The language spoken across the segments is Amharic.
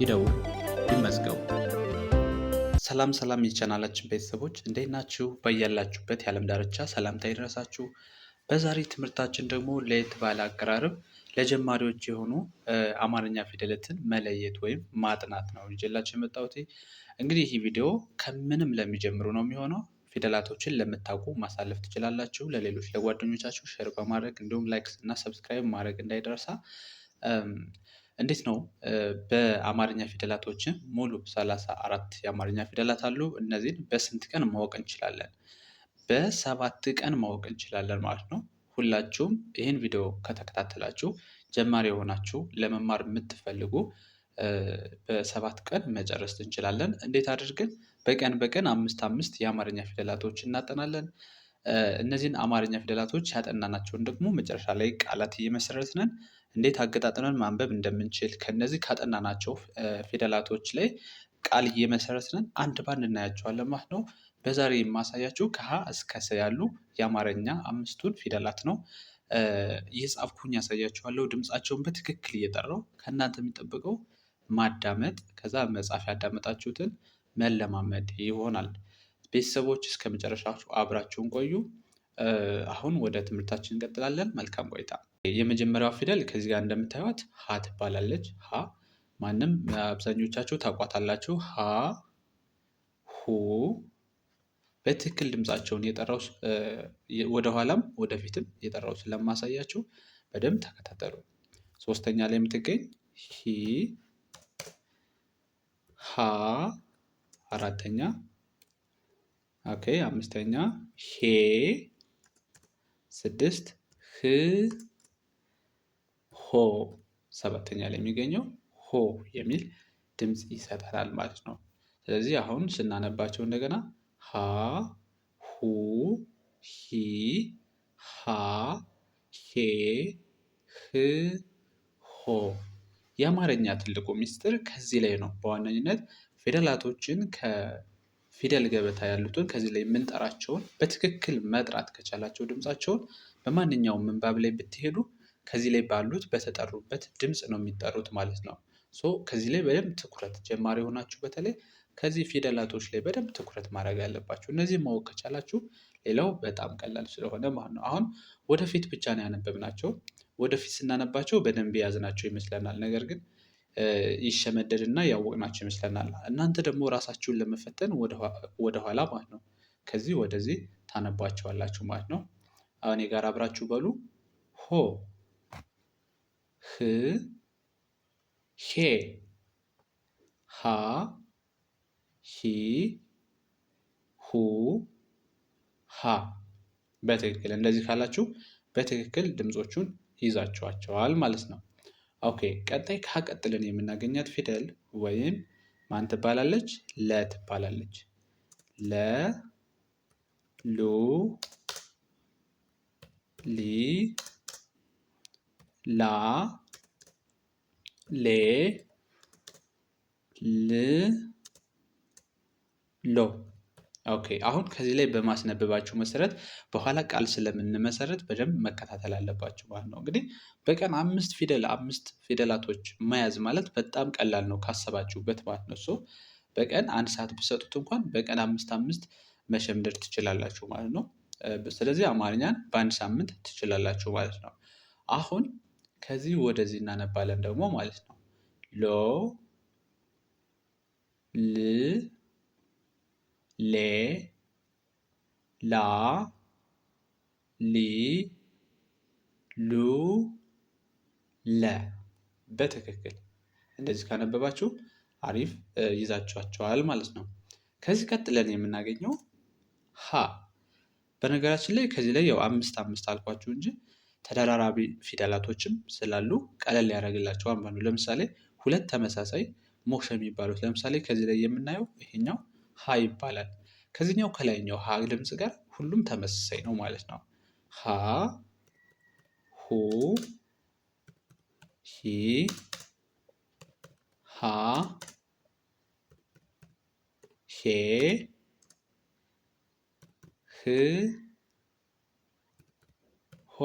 ይደውሉ፣ ይመዝገቡ። ሰላም ሰላም የቻናላችን ቤተሰቦች እንዴት ናችሁ? በያላችሁበት የዓለም ዳርቻ ሰላምታ ይድረሳችሁ። በዛሬ ትምህርታችን ደግሞ ለየት ባለ አቀራረብ ለጀማሪዎች የሆኑ አማርኛ ፊደለትን መለየት ወይም ማጥናት ነው ይዤላችሁ የመጣሁት። እንግዲህ ይህ ቪዲዮ ከምንም ለሚጀምሩ ነው የሚሆነው። ፊደላቶችን ለምታውቁ ማሳለፍ ትችላላችሁ። ለሌሎች ለጓደኞቻችሁ ሼር በማድረግ እንዲሁም ላይክስ እና ሰብስክራይብ ማድረግ እንዳይደርሳ እንዴት ነው? በአማርኛ ፊደላቶች ሙሉ ሰላሳ አራት የአማርኛ ፊደላት አሉ። እነዚህን በስንት ቀን ማወቅ እንችላለን? በሰባት ቀን ማወቅ እንችላለን ማለት ነው። ሁላችሁም ይህን ቪዲዮ ከተከታተላችሁ ጀማሪ የሆናችሁ ለመማር የምትፈልጉ በሰባት ቀን መጨረስ እንችላለን። እንዴት አድርገን? በቀን በቀን አምስት አምስት የአማርኛ ፊደላቶች እናጠናለን። እነዚህን አማርኛ ፊደላቶች ያጠናናቸውን ደግሞ መጨረሻ ላይ ቃላት እየመሰረትነን እንዴት አገጣጥመን ማንበብ እንደምንችል ከነዚህ ካጠናናቸው ፊደላቶች ላይ ቃል እየመሰረትን አንድ ባንድ እናያቸዋለን ማለት ነው። በዛሬ የማሳያችሁ ከሀ እስከ ሰ ያሉ የአማርኛ አምስቱን ፊደላት ነው። እየጻፍኩኝ ያሳያችኋለሁ። ድምፃቸውን በትክክል እየጠራው ከእናንተ የሚጠበቀው ማዳመጥ፣ ከዛ መጻፍ ያዳመጣችሁትን መለማመድ ይሆናል። ቤተሰቦች እስከ መጨረሻችሁ አብራችሁን ቆዩ። አሁን ወደ ትምህርታችን እንቀጥላለን። መልካም ቆይታ የመጀመሪያዋ ፊደል ከዚህ ጋር እንደምታዩት ሀ ትባላለች። ሀ ማንም አብዛኞቻችሁ ታውቋታላችሁ። ሀ ሁ በትክክል ድምፃቸውን የጠራው ወደኋላም ወደፊትም የጠራው ስለማሳያችሁ በደንብ ተከታተሉ። ሶስተኛ ላይ የምትገኝ ሂ ሀ አራተኛ ኦኬ አምስተኛ ሄ ስድስት ህ ሆ ሰባተኛ ላይ የሚገኘው ሆ የሚል ድምፅ ይሰጠናል ማለት ነው። ስለዚህ አሁን ስናነባቸው እንደገና ሀ ሁ ሂ ሃ ሄ ህ ሆ። የአማርኛ ትልቁ ሚስጥር ከዚህ ላይ ነው። በዋነኝነት ፊደላቶችን ከፊደል ገበታ ያሉትን ከዚህ ላይ የምንጠራቸውን በትክክል መጥራት ከቻላቸው ድምፃቸውን በማንኛውም ምንባብ ላይ ብትሄዱ ከዚህ ላይ ባሉት በተጠሩበት ድምፅ ነው የሚጠሩት ማለት ነው። ሶ ከዚህ ላይ በደንብ ትኩረት ጀማሪ የሆናችሁ በተለይ ከዚህ ፊደላቶች ላይ በደንብ ትኩረት ማድረግ ያለባችሁ እነዚህ ማወቅ ከቻላችሁ ሌላው በጣም ቀላል ስለሆነ ማለት ነው። አሁን ወደፊት ብቻ ነው ያነበብናቸው። ወደፊት ስናነባቸው በደንብ የያዝናቸው ይመስለናል። ነገር ግን ይሸመደድና ያወቅናቸው ይመስለናል። እናንተ ደግሞ ራሳችሁን ለመፈተን ወደኋላ ማለት ነው ከዚህ ወደዚህ ታነቧቸዋላችሁ ማለት ነው። እኔ ጋር አብራችሁ በሉ ሆ ህ ሄ ሀ ሂ ሁ ሃ በትክክል እንደዚህ ካላችሁ በትክክል ድምፆቹን ይዛችኋቸዋል ማለት ነው። ኦኬ ቀጣይ ካቀጥልን የምናገኛት ፊደል ወይም ማን ትባላለች? ለ ትባላለች። ለ ሉ ሊ ላ ሌ ል ሎ ኦኬ አሁን ከዚህ ላይ በማስነብባችሁ መሰረት በኋላ ቃል ስለምንመሰረት በደንብ መከታተል አለባችሁ ማለት ነው። እንግዲህ በቀን አምስት ፊደል አምስት ፊደላቶች መያዝ ማለት በጣም ቀላል ነው ካሰባችሁበት ማለት ነው። እሱ በቀን አንድ ሰዓት ብሰጡት እንኳን በቀን አምስት አምስት መሸምደድ ትችላላችሁ ማለት ነው። ስለዚህ አማርኛን በአንድ ሳምንት ትችላላችሁ ማለት ነው። አሁን ከዚህ ወደዚህ እናነባለን ደግሞ ማለት ነው። ሎ ል ሌ ላ ሊ ሉ ለ በትክክል እንደዚህ ካነበባችሁ አሪፍ ይዛችኋቸዋል ማለት ነው። ከዚህ ቀጥለን የምናገኘው ሀ። በነገራችን ላይ ከዚህ ላይ ያው አምስት አምስት አልኳችሁ እንጂ ተደራራቢ ፊደላቶችም ስላሉ ቀለል ያደረግላቸዋል ማለት ነው። ለምሳሌ ሁለት ተመሳሳይ ሞክሸ የሚባሉት ለምሳሌ ከዚህ ላይ የምናየው ይሄኛው ሀ ይባላል። ከዚህኛው ከላይኛው ሀ ድምፅ ጋር ሁሉም ተመሳሳይ ነው ማለት ነው። ሀ ሁ ሂ ሃ ሄ ህ ሆ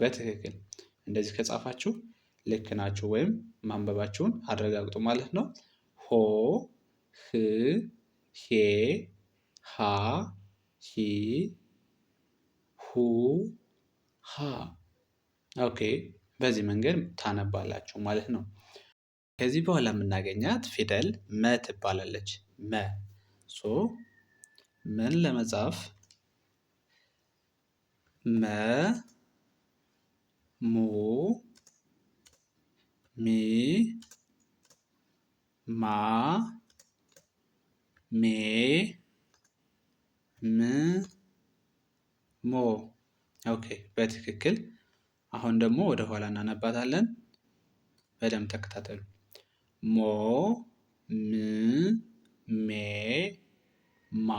በትክክል እንደዚህ ከጻፋችሁ ልክ ናችሁ ወይም ማንበባችሁን አረጋግጡ ማለት ነው። ሆ ህ ሄ ሃ ሂ ሁ ሃ። ኦኬ በዚህ መንገድ ታነባላችሁ ማለት ነው። ከዚህ በኋላ የምናገኛት ፊደል መ ትባላለች። መ ሶ ምን ለመጻፍ መ ሞ ሜ ማ ሜ ም ሞ። ኦኬ በትክክል። አሁን ደግሞ ወደ ኋላ እናነባታለን። በደንብ ተከታተሉ። ሞ ም ሜ ማ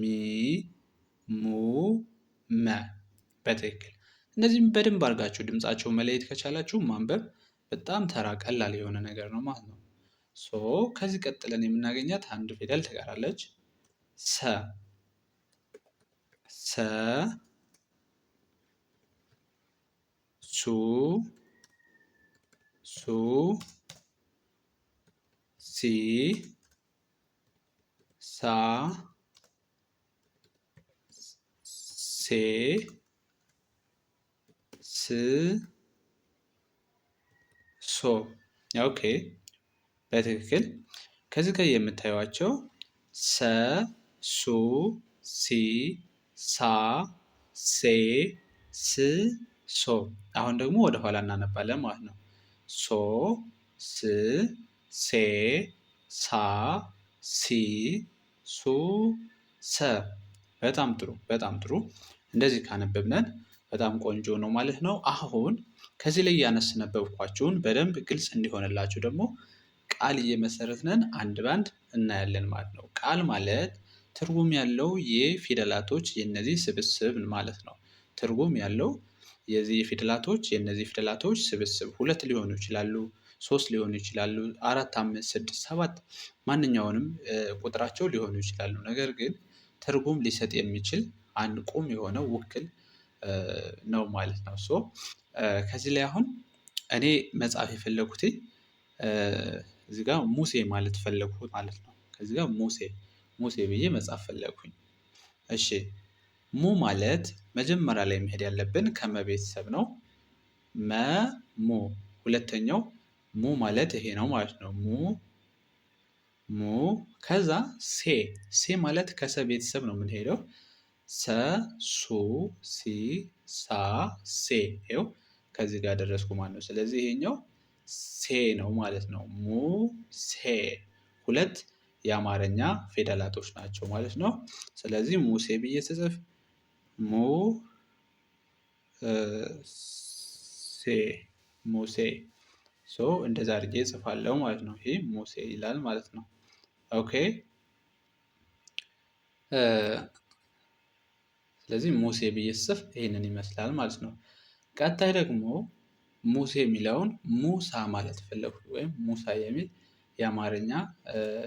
ሚ ሙ መ። በትክክል እነዚህም በደንብ አድርጋችሁ ድምፃቸው መለየት ከቻላችሁ ማንበብ በጣም ተራ ቀላል የሆነ ነገር ነው ማለት ነው። ሶ ከዚህ ቀጥለን የምናገኛት አንድ ፊደል ትቀራለች። ሰ ሰ ሱ ሱ ሲ ሳ ሴ ሶ ኦኬ፣ በትክክል ከዚህ ጋር የምታዩቸው ሰ ሱ ሲ ሳ ሴ ስ ሶ። አሁን ደግሞ ወደ ኋላ እናነባለን ማለት ነው። ሶ ስ ሴ ሳ ሲ ሱ ሰ። በጣም ጥሩ፣ በጣም ጥሩ። እንደዚህ ካነበብነን በጣም ቆንጆ ነው ማለት ነው። አሁን ከዚህ ላይ ያነስነበብኳችሁን በደንብ ግልጽ እንዲሆንላችሁ ደግሞ ቃል እየመሰረትነን አንድ ባንድ እናያለን ማለት ነው። ቃል ማለት ትርጉም ያለው የፊደላቶች የነዚህ ስብስብ ማለት ነው። ትርጉም ያለው የዚህ ፊደላቶች የነዚህ ፊደላቶች ስብስብ ሁለት ሊሆኑ ይችላሉ፣ ሶስት ሊሆኑ ይችላሉ፣ አራት፣ አምስት፣ ስድስት፣ ሰባት ማንኛውንም ቁጥራቸው ሊሆኑ ይችላሉ። ነገር ግን ትርጉም ሊሰጥ የሚችል አንድ ቁም የሆነ ውክል ነው ማለት ነው። ሶ ከዚህ ላይ አሁን እኔ መጽሐፍ የፈለጉት እዚህ ጋር ሙሴ ማለት ፈለግኩ ማለት ነው። ከዚህ ጋር ሙሴ ሙሴ ብዬ መጽሐፍ ፈለግኩኝ። እሺ ሙ ማለት መጀመሪያ ላይ መሄድ ያለብን ከመቤተሰብ ነው። መ ሙ ሁለተኛው ሙ ማለት ይሄ ነው ማለት ነው። ሙ ሙ ከዛ ሴ ሴ ማለት ከሰ ቤተሰብ ነው የምንሄደው ሰ ሱ ሲ ሳ ሴ ይኸው ከዚህ ጋር ደረስኩ ማለት ነው። ስለዚህ ይሄኛው ሴ ነው ማለት ነው። ሙ ሴ ሁለት የአማርኛ ፊደላቶች ናቸው ማለት ነው። ስለዚህ ሙሴ ብዬ ስጽፍ ሙ ሴ ሙሴ ሶ እንደዛ አድርጌ እጽፋለሁ ማለት ነው። ይሄ ሙሴ ይላል ማለት ነው። ኦኬ ስለዚህ ሙሴ ብዬ ስጽፍ ይህንን ይመስላል ማለት ነው። ቀጣይ ደግሞ ሙሴ የሚለውን ሙሳ ማለት ፈለግኩ ወይም ሙሳ የሚል የአማርኛ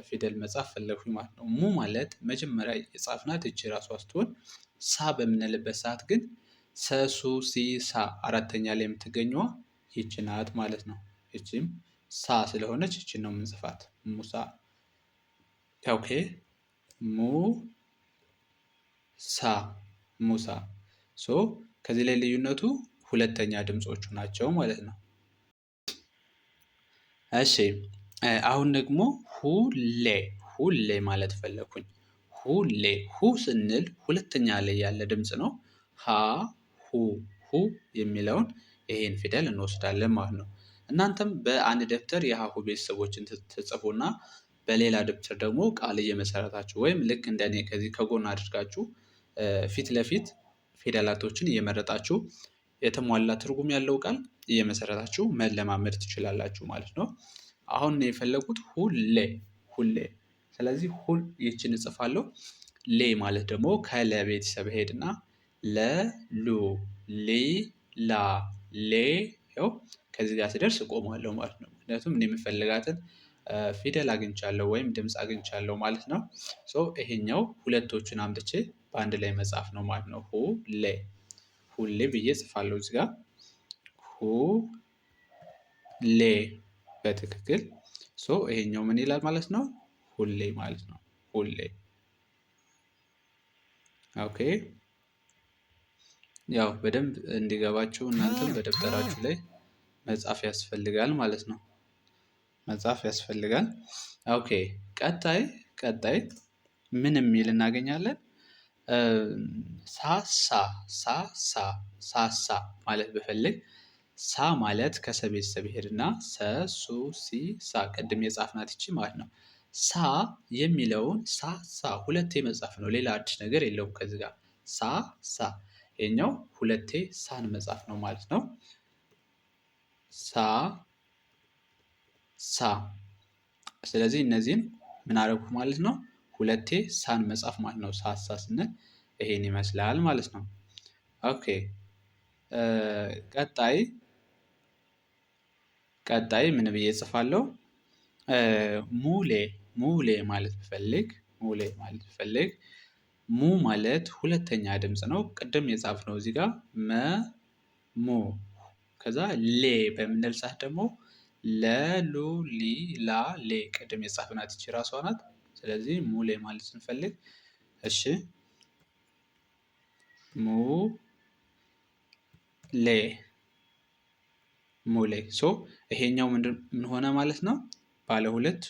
ፊደል መጻፍ ፈለግኩኝ ማለት ነው። ሙ ማለት መጀመሪያ የጻፍናት እጅ ራሷ ስትሆን ሳ በምንልበት ሰዓት ግን ሰሱ ሳ አራተኛ ላይ የምትገኘዋ ይች ናት ማለት ነው። ይችም ሳ ስለሆነች ይችን ነው የምንጽፋት ሙሳ። ኦኬ ሙ ሳ ሙሳ። ሶ ከዚህ ላይ ልዩነቱ ሁለተኛ ድምፆቹ ናቸው ማለት ነው። እሺ አሁን ደግሞ ሁሌ ሁሌ ማለት ፈለኩኝ። ሁሌ ሁ ስንል ሁለተኛ ላይ ያለ ድምፅ ነው። ሀ ሁ ሁ የሚለውን ይሄን ፊደል እንወስዳለን ማለት ነው። እናንተም በአንድ ደብተር የሀሁ ቤተሰቦችን ትጽፉና በሌላ ደብተር ደግሞ ቃል እየመሰረታችሁ ወይም ልክ እንደኔ ከዚህ ከጎን አድርጋችሁ ፊት ለፊት ፊደላቶችን እየመረጣችሁ የተሟላ ትርጉም ያለው ቃል እየመሰረታችሁ መለማመድ ትችላላችሁ ማለት ነው። አሁን የፈለጉት ሁሌ ሁሌ። ስለዚህ ሁል ይችን እጽፋለሁ። ሌ ማለት ደግሞ ከለቤተሰብ ሄድና ለሉ ሊ ላ ሌ ው ከዚህ ጋር ስደርስ እቆማለሁ ማለት ነው። ምክንያቱም እኔ የምፈልጋትን ፊደል አግኝቻለሁ ወይም ድምፅ አግኝቻለሁ ማለት ነው። ይሄኛው ሁለቶቹን አምጥቼ በአንድ ላይ መጻፍ ነው ማለት ነው። ሁሌ ሁሌ ብዬ ጽፋለሁ እዚህ ጋር ሁሌ በትክክል ሶ ይሄኛው ምን ይላል ማለት ነው? ሁሌ ማለት ነው። ሁሌ ኦኬ። ያው በደንብ እንዲገባችሁ እናንተም በደብተራችሁ ላይ መጻፍ ያስፈልጋል ማለት ነው። መጻፍ ያስፈልጋል። ኦኬ። ቀጣይ ቀጣይ ምን የሚል እናገኛለን? ሳሳ ሳሳ ሳሳ ማለት ብፈልግ ሳ ማለት ከሰ ቤተሰብ ይሄድና ሰ ሱ ሲ ሳ ቅድም የጻፍናት ይቺ ማለት ነው። ሳ የሚለውን ሳሳ ሁለቴ መጻፍ ነው። ሌላ አዲስ ነገር የለውም። ከዚህ ጋር ሳ ሳ ሁለቴ ሳን መጻፍ ነው ማለት ነው። ሳ ሳ ስለዚህ እነዚህን ምን አደረጉ ማለት ነው ሁለቴ ሳን መጻፍ ማለት ነው። ሳሳ ስንል ይሄን ይመስላል ማለት ነው። ኦኬ ቀጣይ ቀጣይ ምን ብዬ ጽፋለሁ? ሙሌ ሙሌ ማለት ብፈልግ ሙሌ ማለት ብፈልግ ሙ ማለት ሁለተኛ ድምፅ ነው። ቅድም የጻፍ ነው እዚህ ጋር መ ሙ ከዛ ሌ በምንል ሰዓት ደግሞ ለሉ ሊ ላ ሌ ቅድም የጻፍናት ይቺ ራሷ ናት። ስለዚህ ሙሌ ማለት ስንፈልግ እሺ ሙ ሌ ሙሌ ሶ ይሄኛው ምን ሆነ ማለት ነው? ባለ ሁለት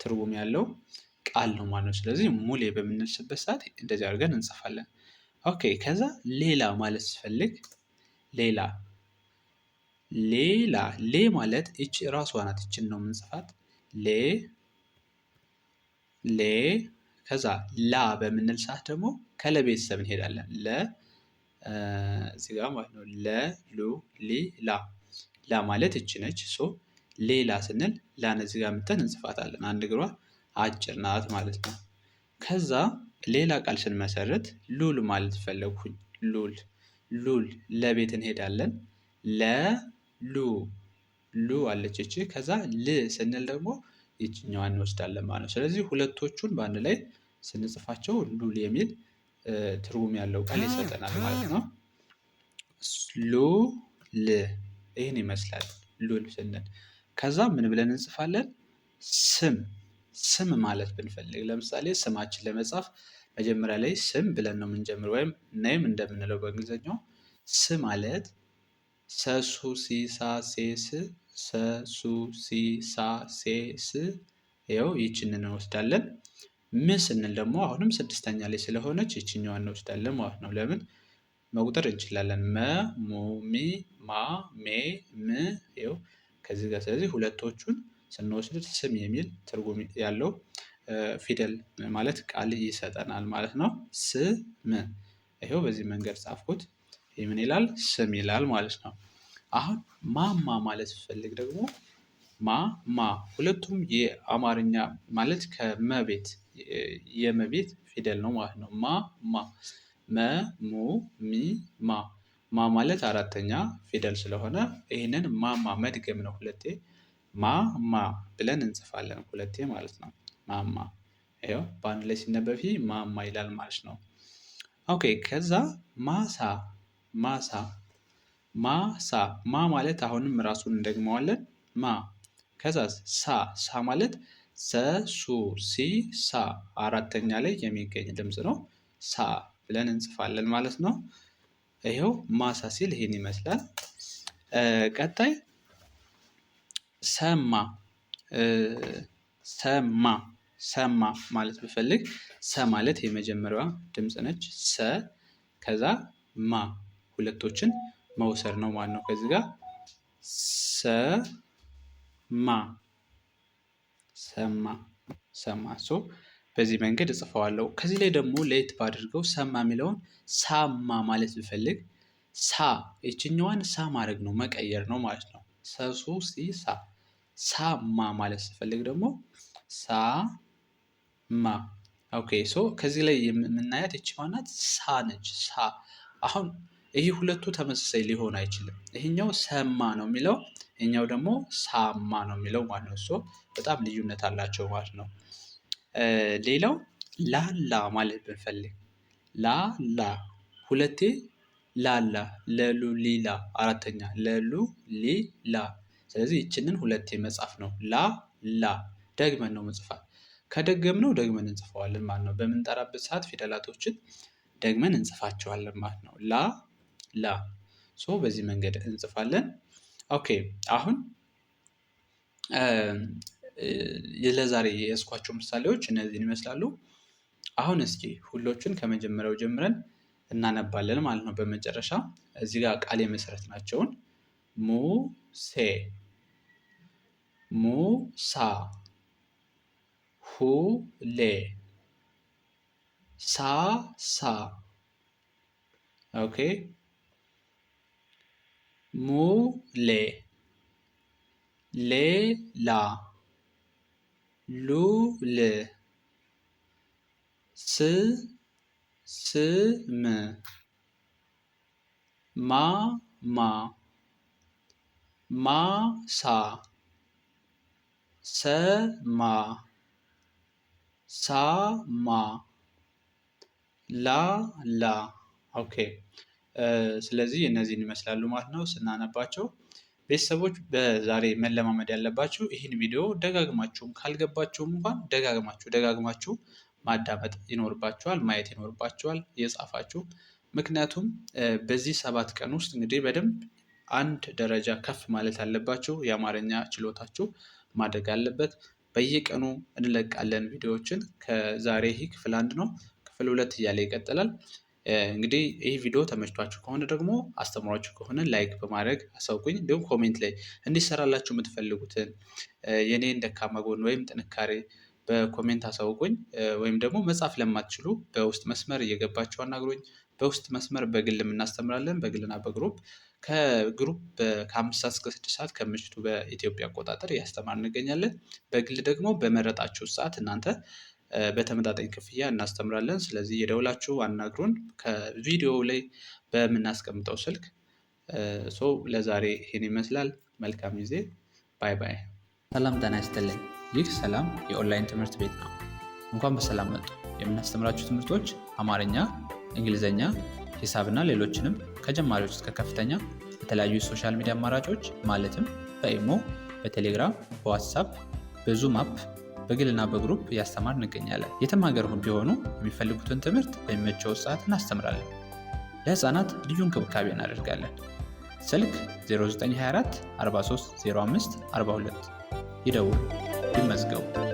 ትርጉም ያለው ቃል ነው ማለት ነው። ስለዚህ ሙሌ በምንልስበት ሰዓት እንደዚህ አድርገን እንጽፋለን። ኦኬ ከዛ ሌላ ማለት ስፈልግ ሌላ ሌላ ሌ ማለት እቺ ራሷ ናት። እችን ነው የምንጽፋት ሌ ሌ ከዛ ላ በምንል ሰዓት ደግሞ ከለ ቤተሰብ እንሄዳለን። ለ እዚህ ጋር ማለት ነው። ለ ሉ ሊ ላ ላ ማለት እች ነች። ሶ ሌላ ስንል ላን እዚህ ጋር ምተን እንጽፋታለን። አንድ እግሯ አጭር ናት ማለት ነው። ከዛ ሌላ ቃል ስንመሰርት ሉል ማለት ፈለግኩኝ። ሉል ሉል ለቤት እንሄዳለን። ለ ሉ ሉ አለች እች። ከዛ ል ስንል ደግሞ ይችኛዋን እንወስዳለን ማለት ነው። ስለዚህ ሁለቶቹን በአንድ ላይ ስንጽፋቸው ሉል የሚል ትርጉም ያለው ቃል ይሰጠናል ማለት ነው። ሉል ይህን ይመስላል ሉል ስንል። ከዛ ምን ብለን እንጽፋለን? ስም ስም ማለት ብንፈልግ ለምሳሌ ስማችን ለመጻፍ መጀመሪያ ላይ ስም ብለን ነው የምንጀምር፣ ወይም ኔም እንደምንለው በእንግሊዝኛው። ስም ማለት ሰሱ ሲሳ ሴስ ሰ ሱ ሲ ሳ ሴ ስ ይኸው ይችንን እንወስዳለን። ም ስንል ደግሞ አሁንም ስድስተኛ ላይ ስለሆነች ይችኛዋን እንወስዳለን ማለት ነው። ለምን መቁጠር እንችላለን። መ ሙ ሚ ማ ሜ ም ይኸው ከዚህ ጋር ስለዚህ ሁለቶቹን ስንወስድ ስም የሚል ትርጉም ያለው ፊደል ማለት ቃል ይሰጠናል ማለት ነው። ስም ይኸው በዚህ መንገድ ጻፍኩት። ምን ይላል? ስም ይላል ማለት ነው። አሁን ማማ ማለት ስፈልግ ደግሞ ማ ማ ሁለቱም የአማርኛ ማለት ከመቤት የመቤት ፊደል ነው ማለት ነው። ማ ማ መ ሙ ሚ ማ ማ ማለት አራተኛ ፊደል ስለሆነ ይህንን ማማ መድገም ነው። ሁለቴ ማማ ብለን እንጽፋለን። ሁለቴ ማለት ነው። ማማ ይኸው በአንድ ላይ ሲነበፊ ማማ ይላል ማለት ነው። ኦኬ ከዛ ማሳ ማሳ ማሳ ማ ማለት አሁንም ራሱን እንደግመዋለን ማ ከዛ ሳ ሳ ማለት ሰሱ ሲ ሳ አራተኛ ላይ የሚገኝ ድምፅ ነው። ሳ ብለን እንጽፋለን ማለት ነው። ይኸው ማሳ ሲል ይህን ይመስላል። ቀጣይ ሰማ ሰማ ሰማ ማለት ብፈልግ ሰ ማለት የመጀመሪያዋ ድምፅ ነች። ሰ ከዛ ማ ሁለቶችን መውሰድ ነው ማለት ነው። ከዚህ ጋር ሰማ ሰማ ሰማ ሶ በዚህ መንገድ እጽፈዋለሁ። ከዚህ ላይ ደግሞ ለየት ባድርገው ሰማ የሚለውን ሳማ ማለት ብፈልግ ሳ የችኛዋን ሳ ማድረግ ነው መቀየር ነው ማለት ነው። ሰሱ ሲ ሳ ሳማ ማለት ስፈልግ ደግሞ ሳማ ኦኬ። ሶ ከዚህ ላይ የምናያት የችኛዋ ናት ሳ ነች። ሳ አሁን ይህ ሁለቱ ተመሳሳይ ሊሆን አይችልም። ይሄኛው ሰማ ነው የሚለው ይሄኛው ደግሞ ሳማ ነው የሚለው ማለት ነው። እሱ በጣም ልዩነት አላቸው ማለት ነው። ሌላው ላላ ማለት ብንፈልግ ላላ ሁለቴ ላላ ለሉ ሊላ አራተኛ ለሉ ሊላ። ስለዚህ ይችንን ሁለቴ መጻፍ ነው። ላ ላ ደግመን ነው መጽፋት። ከደገምነው ደግመን እንጽፈዋለን ማለት ነው። በምንጠራበት ሰዓት ፊደላቶችን ደግመን እንጽፋቸዋለን ማለት ነው። ላ ላ ሶ በዚህ መንገድ እንጽፋለን። ኦኬ አሁን ለዛሬ የያዝኳቸው ምሳሌዎች እነዚህን ይመስላሉ። አሁን እስኪ ሁሎችን ከመጀመሪያው ጀምረን እናነባለን ማለት ነው። በመጨረሻ እዚህ ጋር ቃል የመሰረት ናቸውን ሙሴ፣ ሙሳ፣ ሁሌ፣ ሳሳ ኦኬ la, moulet, ma ma ma sa sa ma sa ma la, la. Okay. ስለዚህ እነዚህን ይመስላሉ ማለት ነው ስናነባቸው። ቤተሰቦች በዛሬ መለማመድ ያለባችሁ ይህን ቪዲዮ ደጋግማችሁም ካልገባችሁም እንኳን ደጋግማችሁ ደጋግማችሁ ማዳመጥ ይኖርባችኋል፣ ማየት ይኖርባችኋል የጻፋችሁ። ምክንያቱም በዚህ ሰባት ቀን ውስጥ እንግዲህ በደንብ አንድ ደረጃ ከፍ ማለት አለባችሁ። የአማርኛ ችሎታችሁ ማደግ አለበት። በየቀኑ እንለቃለን ቪዲዮዎችን። ከዛሬ ይህ ክፍል አንድ ነው። ክፍል ሁለት እያለ ይቀጥላል። እንግዲህ ይህ ቪዲዮ ተመችቷችሁ ከሆነ ደግሞ አስተምሯችሁ ከሆነ ላይክ በማድረግ አሳውቁኝ። እንዲሁም ኮሜንት ላይ እንዲሰራላችሁ የምትፈልጉትን የኔን ደካማ ጎን ወይም ጥንካሬ በኮሜንት አሳውቁኝ። ወይም ደግሞ መጻፍ ለማትችሉ በውስጥ መስመር እየገባችሁ አናግሩኝ። በውስጥ መስመር በግልም እናስተምራለን፣ በግልና በግሩፕ ከግሩፕ ከአምስት ሰዓት እስከ ስድስት ሰዓት ከምሽቱ በኢትዮጵያ አቆጣጠር እያስተማር እንገኛለን። በግል ደግሞ በመረጣችሁ ሰዓት እናንተ በተመጣጣኝ ክፍያ እናስተምራለን። ስለዚህ የደውላችሁ አናግሩን ከቪዲዮ ላይ በምናስቀምጠው ስልክ። ሶ ለዛሬ ይህን ይመስላል። መልካም ጊዜ። ባይ ባይ። ሰላም ጤና ይስጥልኝ። ይህ ሰላም የኦንላይን ትምህርት ቤት ነው። እንኳን በሰላም መጡ። የምናስተምራችሁ ትምህርቶች አማርኛ፣ እንግሊዝኛ፣ ሂሳብና ሌሎችንም ከጀማሪዎች እስከ ከፍተኛ የተለያዩ የሶሻል ሚዲያ አማራጮች ማለትም በኢሞ፣ በቴሌግራም፣ በዋትሳፕ፣ በዙም አፕ በግልና በግሩፕ እያስተማር እንገኛለን። የትም ሀገር ቢሆኑ የሚፈልጉትን ትምህርት በሚመቸው ሰዓት እናስተምራለን። ለህፃናት ልዩ እንክብካቤ እናደርጋለን። ስልክ 0924 4305 42 ይደውሉ፣ ይመዝገቡ።